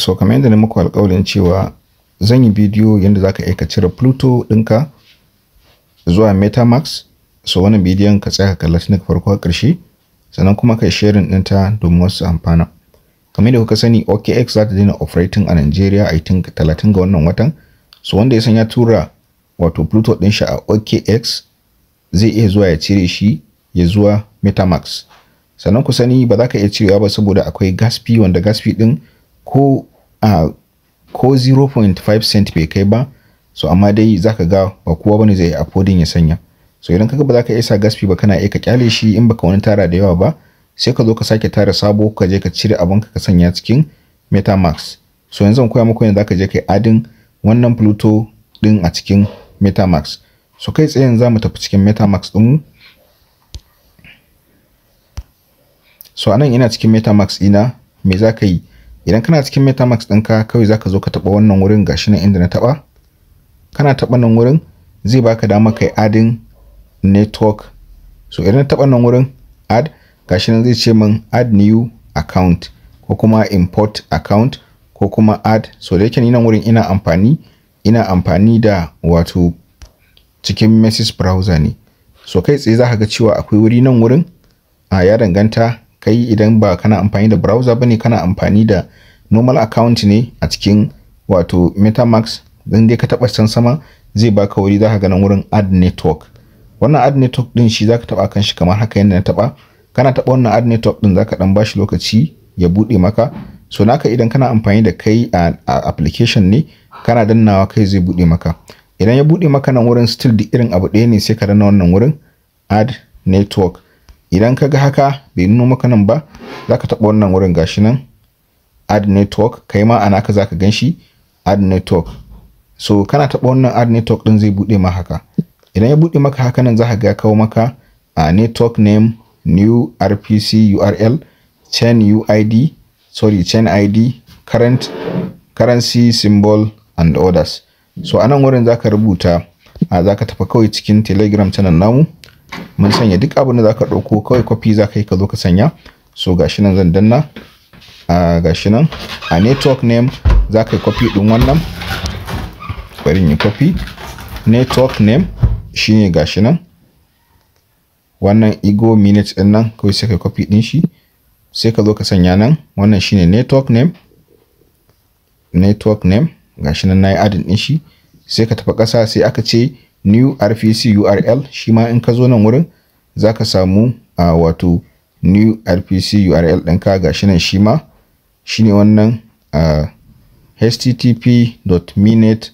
so kamar yadda na muku alƙawarin cewa zan yi bidiyo yadda za ka aika cire pluto ɗinka zuwa metamax so wannan bidiyon ka tsaya ka kalla tun daga farko a ƙarshe sannan kuma kai sharing ta domin wasu amfana kamar da kuka sani okx za ta daina operating a nigeria a talatin ga wannan watan so wanda ya san ya tura wato pluto ɗin shi a okx zai iya zuwa ya cire shi ya zuwa metamax sannan ku sani ba za ka iya cirewa ba saboda akwai gas wanda gas ɗin ko a ko 0.5 cent bai kai ba so amma dai zaka ga ba kowa bane zai afodin ya sanya so idan kaga ba za ka iya sa gasfi ba kana iya ka kyale shi in baka wani tara da yawa ba sai ka zo ka sake tara sabo ka je ka cire abin ka ka sanya cikin metamax so yanzu zan koya muku yanzu zaka je kai adin wannan pluto din a cikin metamax so kai tsaye za mu tafi cikin metamax din mu so anan ina cikin metamax ina me za ka yi idan kana cikin metamax ɗinka kawai zaka zo ka taɓa wannan wurin gashi nan inda na taɓa kana taba nan wurin zai baka dama kai adin network so idan taɓa nan wurin add gashi nan zai ce min add new account ko kuma import account ko kuma add so da yake ni nan wurin ina amfani ina amfani da wato cikin message browser ne so kai tsaye za ka ga cewa akwai wuri nan wurin a ah, ya danganta kai idan ba kana amfani da browser ne kana amfani da normal account ne a cikin wato metamax don dai ka taba can sama zai baka wuri zaka ga nan wurin ad network wannan ad network din shi zaka taba kan shi kamar haka yanda na taba kana taba wannan ad network din zaka dan bashi lokaci ya buɗe maka so naka idan kana amfani da kai a, a application ne kana dannawa kai zai buɗe maka idan ya buɗe maka nan wurin still da irin abu ɗaya ne sai ka danna wannan wurin ad network idan ka ga haka bai nuno maka nan ba za ka taɓa wannan wurin gashi nan ad network kai ma ana ka za ka gan shi ad network so kana taɓa wannan ad network ɗin zai buɗe ma haka idan ya buɗe maka haka nan za ka ga kawo maka a network name new rpc url chain uid sorry chain id current currency symbol and others so anan wurin za ka rubuta za ka tafi kawai cikin telegram channel namu mun sanya duk abin da zaka ɗauko kawai kwafi za ka yi ka zo ka sanya so gashi nan zan danna a gashi nan a network name za ka yi kwafi din wannan bari yi kwafi network name shine gashi nan wannan ego minutes din nan kawai sai ka yi kwafi shi sai ka zo ka sanya nan wannan shine network name network name gashi nan na yi adin din shi sai ka tafi kasa sai aka ce new rpc url shi ma in ka zo nan wurin za ka samu a wato new rpc url ɗinka ga shi nan shi ma shi ne wannan a http.minet.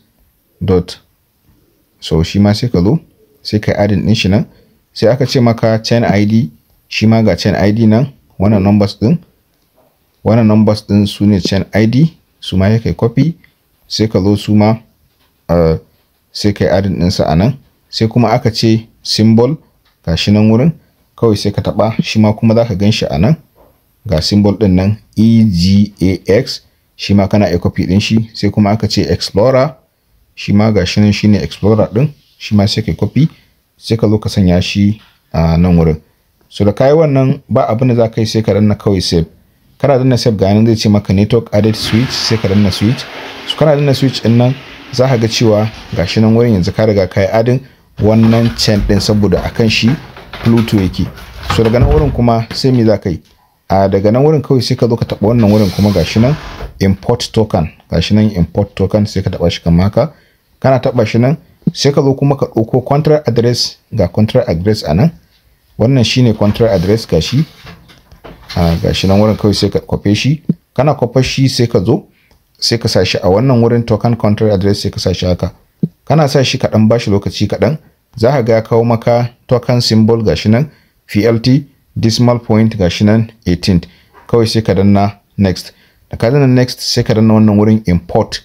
so shi ma sai ka zo sai ka adin ɗin shi nan sai aka ce maka chain id shi ma ga chain id nan wannan numbers ɗin wannan numbers ɗin su ne chain id su ma ya kai copy sai ka zo su ma uh, sai kai adin ɗinsa a nan sai kuma aka ce symbol ga shi nan wurin kawai sai ka taɓa shi ma kuma za ka gan shi a nan ga symbol ɗin nan egax shi ma kana iya copy ɗin shi sai kuma aka ce explorer shi ma ga shi nan shi ne explorer ɗin shi ma sai ka copy sai ka zo ka sanya shi a nan wurin so da kayi wannan ba abin da za ka yi sai ka danna kawai save kana danna save ga nan zai ce maka network added switch sai ka danna switch so kana danna switch ɗin nan za ka ga cewa gashi nan wurin yanzu ka riga ka yi adin wannan chain din saboda akan shi pluto yake so daga nan wurin kuma sai me za ka yi a daga nan wurin kawai sai ka zo ka taɓa wannan wurin kuma gashi nan import token gashi nan import token sai ka taɓa shi kamar haka kana taɓa shi nan sai ka zo kuma ka ɗauko contract address ga contract address a nan wannan shine contract address gashi a gashi nan wurin kawai sai ka kwafe shi kana kwafa shi sai ka zo sai ka sashi a wannan wurin token control address sai ka sashi haka kana sa shi kaɗan ba shi lokaci kaɗan za ka ga ya kawo maka token symbol gashi nan plt decimal point gashi nan 18 kawai sai ka danna next da ka danna next sai ka danna wannan wurin import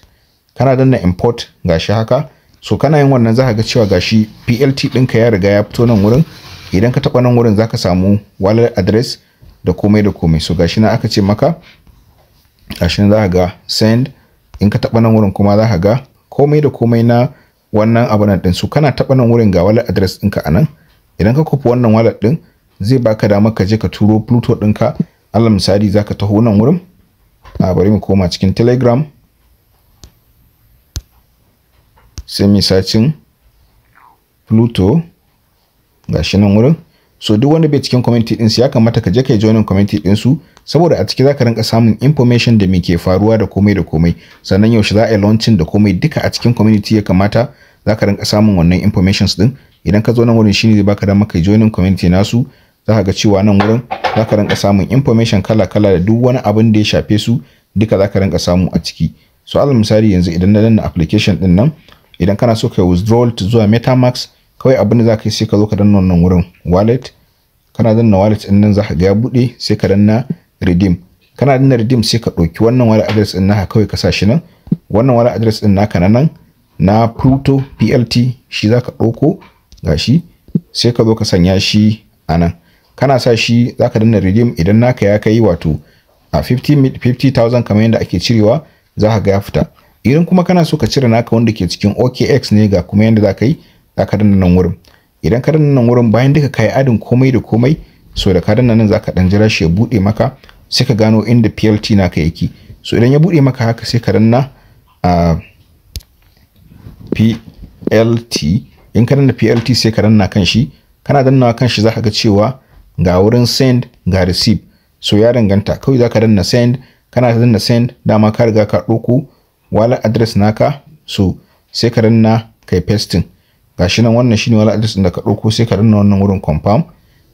kana danna import gashi haka so kana yin wannan za ka ga cewa gashi plt ɗinka ya riga ya fito nan wurin idan ka taɓa nan wurin za ka samu wallet address da komai da komai so gashi na aka ce maka gashin za ka ga send in ka taɓa nan wurin kuma za ka ga komai da komai na wannan abu nan ɗin su kana taɓa nan wurin ga wallet address ɗinka a nan idan ka kufi wannan wallet ɗin zai baka dama ka je ka turo pluto ɗinka allah misali za ka taho nan wurin a bari mu koma cikin telegram sai mi sacin pluto ga shi nan wurin so duk wanda bai cikin community din su ya kamata ka je kai joinin community din su saboda a ciki zaka rinka samun information da me ke faruwa da komai da komai sannan yaushe za a yi launching da komai duka a cikin community ya kamata zaka rinka samun wannan information din idan ka zo nan wurin shine zai baka dama kai joinin community nasu zaka ga cewa nan wurin zaka rinka samun information kala kala da duk wani abin da ya shafe su duka zaka rinka samu a ciki so alal misali yanzu idan na danna application din nan idan kana so kai withdrawal zuwa metamask. kawai abin da za ka yi sai ka zo ka danna wannan wurin wallet kana danna wallet din nan za ka ga ya buɗe sai ka danna redeem kana danna redeem sai ka ɗauki wannan wallet address din naka kawai ka sa shi nan wannan wallet address din naka na nan na pluto plt shi za ka ɗauko gashi sai ka zo ka sanya shi a nan kana sa shi za ka danna redeem idan naka ya kai wato a 50,000 kamar yadda ake cirewa za ka ga ya fita idan kuma kana so ka cire naka wanda ke cikin okx ne ga kuma yadda za ka yi za ka danna nan wurin idan ka danna nan wurin bayan duka ka adin komai da komai so da ka danna nan za ka dan jira shi ya buɗe maka sai ka gano inda plt naka yake so idan ya buɗe maka haka sai ka danna a plt in ka danna plt sai ka danna kan shi kana dannawa kan shi za ka ga cewa ga wurin send ga receive so ya danganta kawai za ka danna send kana danna send dama ka riga ka ɗauko wallet address naka so sai ka danna kai pasting gashi nan wannan shine wani address din da ka dauko sai ka danna wannan wurin confirm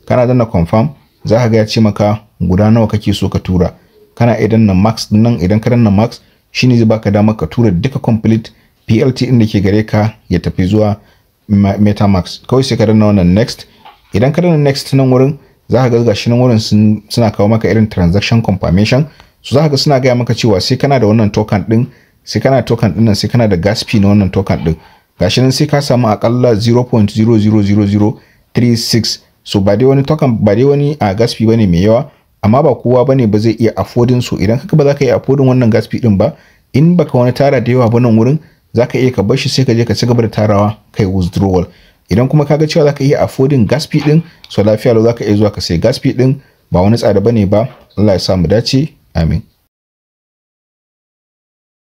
kana danna confirm za ka ga ya ce maka guda nawa kake so ka tura kana iya danna max din nan idan ka danna max shine zai baka damar ka tura duka complete plt din da ke gare ka ya tafi zuwa metamax kawai sai ka danna wannan next idan ka danna next nan wurin za ka ga gashi nan wurin suna kawo maka irin transaction confirmation so za ka ga suna gaya maka cewa sai kana da wannan token din sai kana token din nan sai kana da gas fee na wannan token din gashi nan sai ka samu akalla 0.000036 so ba dai wani token ba dai wani a ah, gasfi bane mai yawa amma ba kowa bane ba zai iya affordin su idan haka ba za ka iya affordin wannan gasfi din ba in baka wani tara da yawa ba nan wurin za ka iya ka bar shi sai ka je ka cigaba da tarawa kai withdrawal idan kuma kaga cewa za ka iya affordin gaspi din so lafiya lau za ka iya zuwa ka sai gasfi din ba wani tsada bane ba Allah ya sa mu dace amin